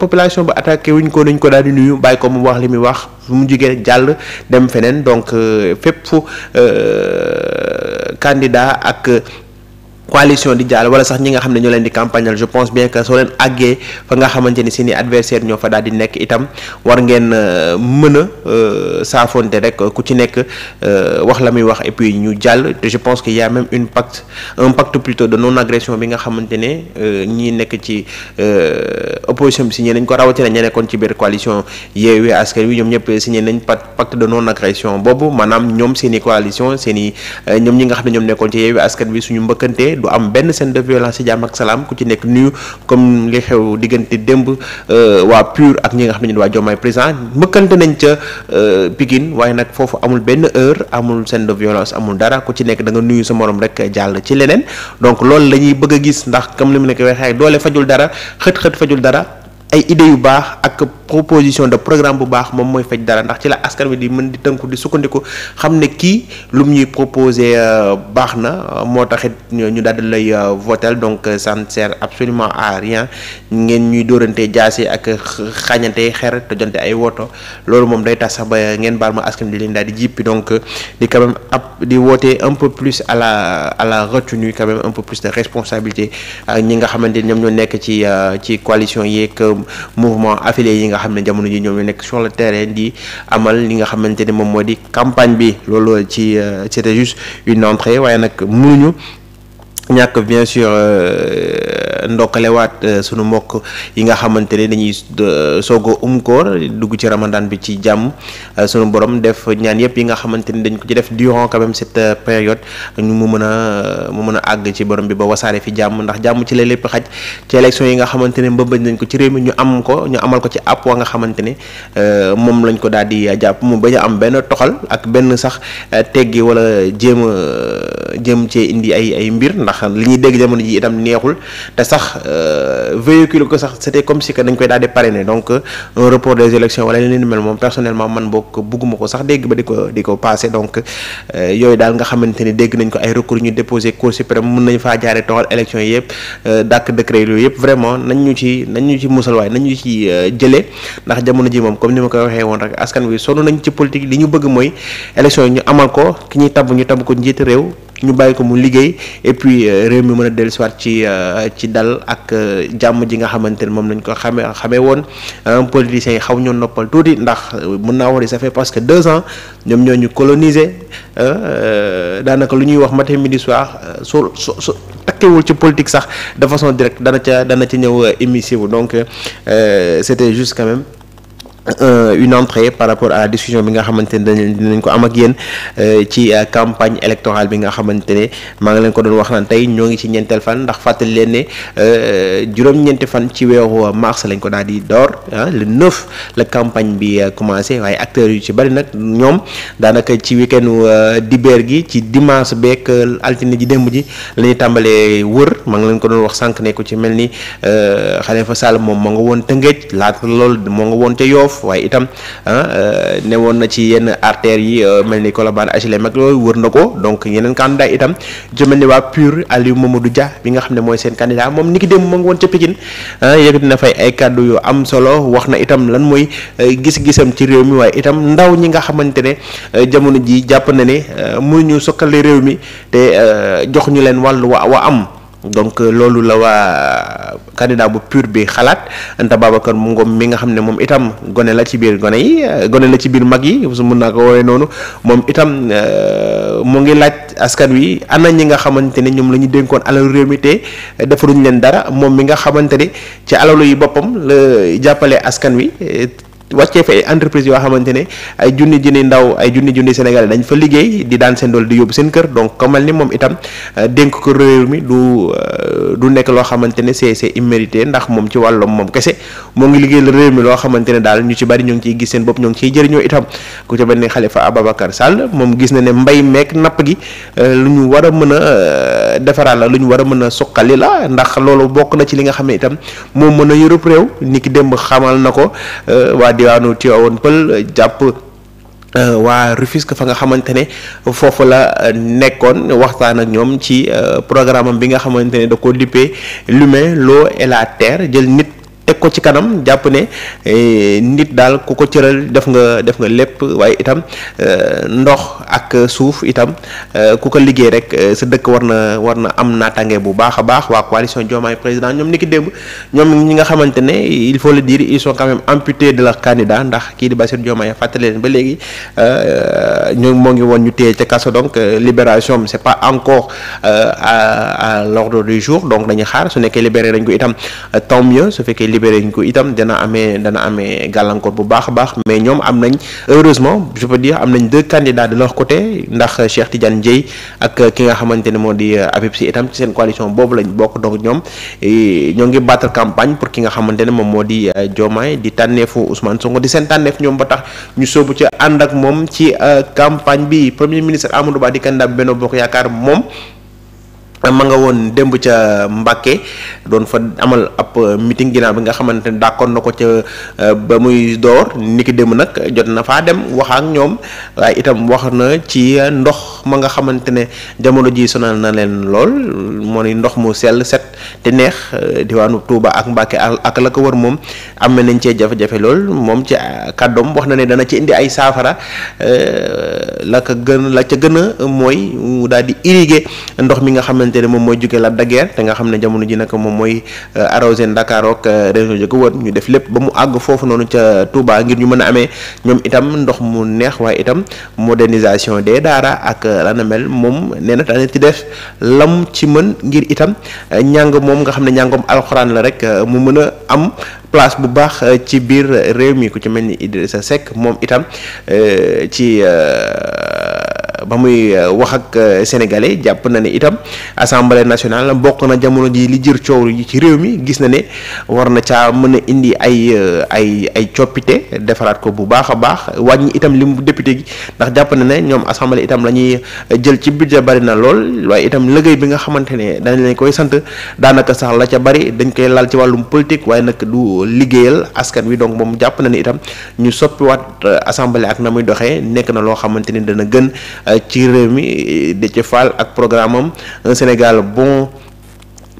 population ba attaqué wuñ ko dañ ko daal di nuyu bàyyi ko mu wax li muy wax su mu jugee jàll dem feneen donc euh, fépp euh, candidat ak coalition di jaal wala sax ñi nga xam ne ñoo leen di campagnal je pense bien que nga xamante ni seeni adversaire ñoo fa daal di war ngeen euh, mën a euh, saafonte rek ku ci nekk euh, wax la muy wax et ñu jàll te je pense que y même une pacte un de non agression bi nga xamante ne ñi nekk ci opposition bi signé nañ ko rawatina ña nekkoon ci biir coalition Yewwi Askan Wi ñoom ñëpp signé nañ pacte de non agression boobu maanaam ñoom seeni coalition seeni ñoom ñi nga xam ne ñoom nekkoon ci Yewwi Askan Wi suñu mbëkkante du am benn scène de violence ci jàmm ak salaam ku ci nekk nuyu comme li xew diggante démb euh, waa PUR ak ñi nga xam ne ñu waa Diomaye président mëkkante nañ ca euh, Pikine waaye nag foofu amul benn heure amul scène de violence amul dara ku ci nekk danga nuyu sa moroom rek jàll ci leneen donc lool la ñuy bëgg a gis ndax comme li mu nekk waxee doole fajul dara xët xët fajul dara ay idées yu baax ak. proposition de programme bu baax moom mooy faj dara ndax ci la askan wi di mën di tënku di sukkandiku xam ne kii lu mu ñuy euh, baax na euh, moo taxit ñu daal di lay euh, votel donc ça ne sert absolument à rien ngeen ñuy dóorante jaase ak xañante xeer te ay woto loolu moom day tax sax ba ngeen baal ma askan wi di leen daal di jippi donc di quand même ab di woote un peu plus à la à la retenue quand même un plus de responsabilité ñi nga xamante ni ñoom ñoo nekk ci ci coalition yeeg mouvement affilié yi nga xam ne jamono ji ñoom ñu nekk sur le terrain di amal li nga xamante ne moom moo di campagne bi loolu ci euh, c'était juste une waaye nag munuñu ñàkk bien sûr euh, ndokkalewaat euh, sunu mbokk yi nga xamante ne dañuy euh, soog um ko dugg ci ramadan bi ci jàmm sunu borom def ñaan yëpp yi nga xamante ni dañ ko ci def durant quand même cette période mu mën a mu mën a àgg ci borom bi ba wasaare fi jàmm ndax jàmm ci la lépp xaj ci élection yi nga xamante ne mbëbëj nañ ko ci réew mi ñu am ko ñu amal ko ci àpp wa nga xamante ne moom lañ ko daal di jàpp mu bañ a am benn toxal ak benn sax teggi wala jéem a jéem ci indi ay ay mbir xam ndax li ñuy dégg jamono ji itam neexul te sax euh, véhicule ko sax c'était comme si que dañ koy daal di parrainer donc un report des élections wala leneen mel moom personnellement man bokk bugguma ko sax dégg ba di ko di ko passé donc euh, yooyu daal nga xamante ni dégg nañ ko ay recours ñu déposé cour suprême mën nañ faa jaaree toxal élections yi yëpp euh, dàkk décret yooyu yëpp vraiment nañ ñu ci nañ ñu ci musal waaye nañ ñu ci jëlee ndax jamono ji moom comme ni ma koy waxee woon rek askan wi sonn nañ ci politique li ñu bëgg mooy élection ñu amal ko ki ñuy tabb ñu tabb ko njiit réew ñu bàyyi ko mu liggéey et puis euh, réew mi mën a dellusiwaat ci euh, ci dal ak euh, jàmm ji nga xamante ne moom lañ ko xame xamee woon politiciens yi xaw ñoo noppal tuuti ndax mën naa wax ça fait parce que deux ans ñoom ñoo ñu colonisé daanaka lu ñuy wax matin midi soir so so so takkewul ci politique sax defaçon façon dana ca dana ca ñëw émission donc c'était juste quand même. Euh, une entrée par rapport à la discussion bi nga xamante ne dañ dinañ ko am ak yéen euh, ci euh, campagne électorale bi nga xamante ne maa ngi leen ko doon wax naan tey ñoo ngi ci ñeenteel fan ndax fàttali leen ne juróom-ñeenti fan ci weeru mars lañ ko daal di door ah le la campagne bi commencé waaye acteur yu ci bari nag ñoom daanaka ci weekendu dibeer gi ci dimanche beeg altine ji démb ji la ñuy tàmbalee wër maa ngi leen ko doon wax sànq ne ku ci mel ni Khalifa Sall moom moo nga woon Tëngéej laata loolu moo nga woon waaye itam ah, euh, ne woon na ci yenn artères yi euh, mel ni Colobane HLM mag yooyu wër na ko donc yeneen candidat itam jëmel ni waa PUR Aliou Mamadou Dia bi nga xam ne mooy seen candidat moom ni ki démb mu ngi woon ca Pikine ah, yëkkati na fay ay kàddu yu am solo wax na itam lan mooy euh, gis-gisam ci réew mi waaye itam ndaw ñi nga xamante ne jamono ji jàpp na ne ñu sokkale réew mi te jox ñu leen wàllu wa wa am donc euh, loolu la waa candidat bu pur bi xalaat Anta mu ngoom mi nga xam ne moom itam gone la ci biir gone yi euh, gone la ci biir mag yi su mun naa woowee noonu moom itam euh, mu ngi laaj askan wi ana ñi nga xamante ne ñoom la ñu dénkoon alalu réew mi te defaruñ leen dara moom mi nga xamante ne ci alalu yi boppam la jàppale askan wi wàccee fa ay entreprise yoo xamante ne ay junni junni ndaw ay junni junni sénégalais dañ fa liggéey di daan seen doole di yóbbu seen kër donc ko mel ni moom itam euh, dénk ko réew mi du euh, du nekk loo xamante ne c'est c'est immérité ndax moom ci wàllum moom kese moo ngi liggéeyal réew mi loo xamante ne daal ñu ci bari ñoo ngi ciy gis seen bopp ñu ngi ciy jëriñoo itam ku ci mel ni Khalifa Ababacar Sall moom gis na ne mbay meek napp gi euh, lu ñu war a mën a defaraat la lu ñu war a mën a suqali la ndax loolu bokk na ci li nga xam ne itam moom mën a yërëb réew ni ki démb xamal na ko waa diwaanu Tivaouane Peulh jàpp euh, waa Rufisque fa nga xamante ne foofu la euh, nekkoon waxtaan ak ñoom ci euh, programme bi nga xamante ne da ko dippee l'humain l'eau et la terre jël nit teg ko ci kanam jàpp ne eh, nit daal ku ko cëral def nga def nga lépp waaye itam eh, ndox ak suuf itam eh, ku ko liggéey rek sa dëkk war na war na am na tàngee bu baax a baax waa coalition Diomaye président ñoom ni ki démb ñoom ñi nga xamante ne il faut le dire ils sont quand même amputés de leur candidat ndax kii di Bassirou Diomaye fàttali leen ba léegi ñu moo ngi woon ñu téye ca kaso donc libération bi c'est pas encore à à l'ordre du jour donc dañuy xaar su nekkee libéré nañ ko itam libéré ñu ko itam dana amee dana amee gàllankoor bu baax a baax mais ñoom am nañ heureusement je peux dire am nañ deux candidats de leur côté ndax Cheikh Tidiane Dieye ak ki nga ne moo di euh, Habib Sy ci seen coalition boobu lañ bokk donc ñoom ñoo ngi battre campagne pour ki nga xamante ne moom moo di euh, Diomaye di tànneefu Ousmane Sonko di seen tànneef ñoom ba tax ñu sóobu ci moom ci euh, campagne bi premier ministre Amadou Ba di candidat Benno Bokk Yaakaar moom. ma nga woon démb ca Mbàkke doon fa amal ab euh, mitin ginnaaw bi nga xamante ne d'accord na ko ca euh, ba muy door niki démb nag jot na faa dem wax ak ñoom waaye itam wax na ci ndox ma nga xamante ne jamono ji sonal na leen lool moo ndox mu sell set te neex euh, diwaanu Touba ak Mbàkke ak la wër moom am nañ cee jafe-jafe lool moom ci kàddoom wax na ne dana ci indi ay saafara la ko gën la ca gën a mooy mu daal di irriguer ndox mi nga xamante xamante moom mooy jóge la daguère te nga xam ne jamono ji nag moom mooy euh, arrosé Dakar ak euh, région ji ko ñu def lépp ba mu àgg foofu noonu ca Touba ngir ñu mën a amee ñoom itam ndox mu neex waaye itam modernisation des daara ak euh, lana mel moom nee na daan ci def lam ci mën ngir itam njàng moom nga xam ne njàngoom alxuraan la rek mu mën a am place bu baax ci biir réew mi ku ci mel ni sa Seck moom itam ci. ba muy euh, wax ak euh, sénégalais jàpp na ni itam assemblée nationale bokk na jamono ji li jër coow yi ci réew mi gis na ne war na caa mën a indi ay euh, ay ay coppite defaraat ko bu baax a baax wàññi itam li mu député gi ndax jàpp na ne ñoom assemblée itam la ñuy jël ci budget bari na lool waaye itam liggéey bi nga xamante ne dañ lañ koy sant daanaka sax la ca bari dañ koy laal ci wàllum politique waaye nag du liggéeyal askan wi donc moom jàpp na ne itam ñu soppiwaat assemblée ak na muy doxee nekk na ci réew mi Déthié Fall ak programme am Sénégal bon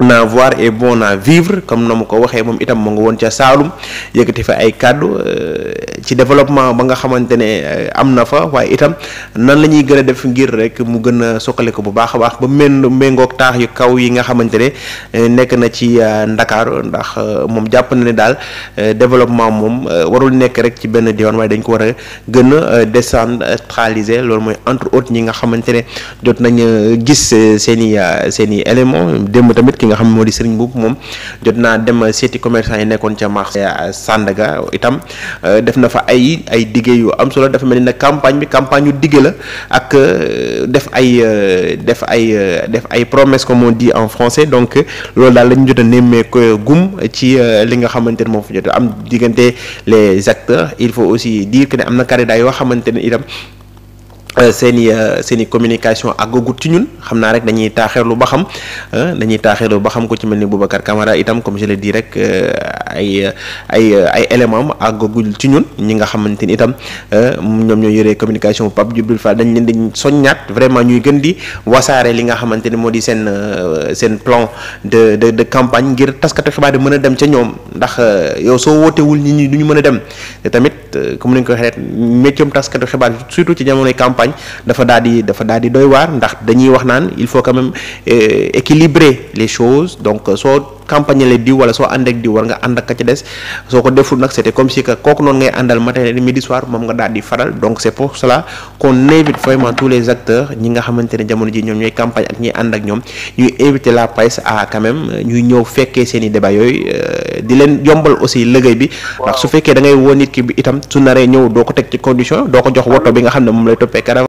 naa voir et bon à vivre comme na mu ko waxee moom itam mu nga woon ca Saalum yëkkati fa ay kàddu euh, ci développement ba nga xamante ne euh, am na fa waaye itam nan la ñuy gën a def ngir rek mu gën a sokkale ko bu baax a baax ba mel méngoog taax yu kaw yi nga xamante ne euh, nekk na ci Ndakaaru ndax moom jàpp na ne daal développement moom warul nekk rek ci benn diwaan waaye dañ ko war a gën a décentraliser loolu mooy entre autres ñi nga xamante ne jot nañ gis seen i seen ki nga xam moo di Serigne Mboup moom jot naa dem seeti commerçant yi nekkoon ca marché Sandaga itam euh, def na fa ay ay dige yu am solo dafa mel ni nag campagne bi campagne yu dige la ak euh, def ay euh, def ay def ay promesse comme on dit en français donc loolu daal la jot a nemmee ko gum ci li nga xamante ne moom fu jot am diggante le acteurs il faut aussi dire que ne am na candidat yoo xamante ne itam seen i seen communication àggagut ci ñun xam naa rek dañuy taaxeerlu ba xam euh, dañuy taaxeerlu ba xam ko ci mel ni Boubacar Camara itam comme je di dit rek euh, ay ay ay élément am àggagul ci ñun ñi nga xamante ni itam euh, ñoom ñooy yore communication Pape Djibril Fall dañ leen di soññaat vraiment ñuy gën di wasaare li nga xamante ni moo di seen euh, seen plan de de de campagne ngir taskatu xibaar yi mën a dem ca ñoom ndax euh, yow soo wootewul nit ñi du ñu mën a dem tamit comme ni ñu ko waxee métier taskatu xibaar surtout ci jamonoy campagne dafa dal di dafa daal di doy waar ndax dañuy wax naan il faut quand même équilibrer les donc campagne le diw wala soo ànd ak diw war nga ànd ak ka ci des soo ko deful nag c'était comme si que kooku noonu ngay àndal matin midi soir moom nga daal di faral donc c'est pour cela qu'on invite vraiment tous ne jamono ji ñoom ñooy campagne ak ñiy ànd ak ñoom fekkee seen i débat yooyu euh, di leen yombal aussi liggéey bi ndax su fekkee da ngay woo nit ki bi itam su naree ñëw doo ko teg ci condition doo ko jox woto bi nga xam ne moom lay toppee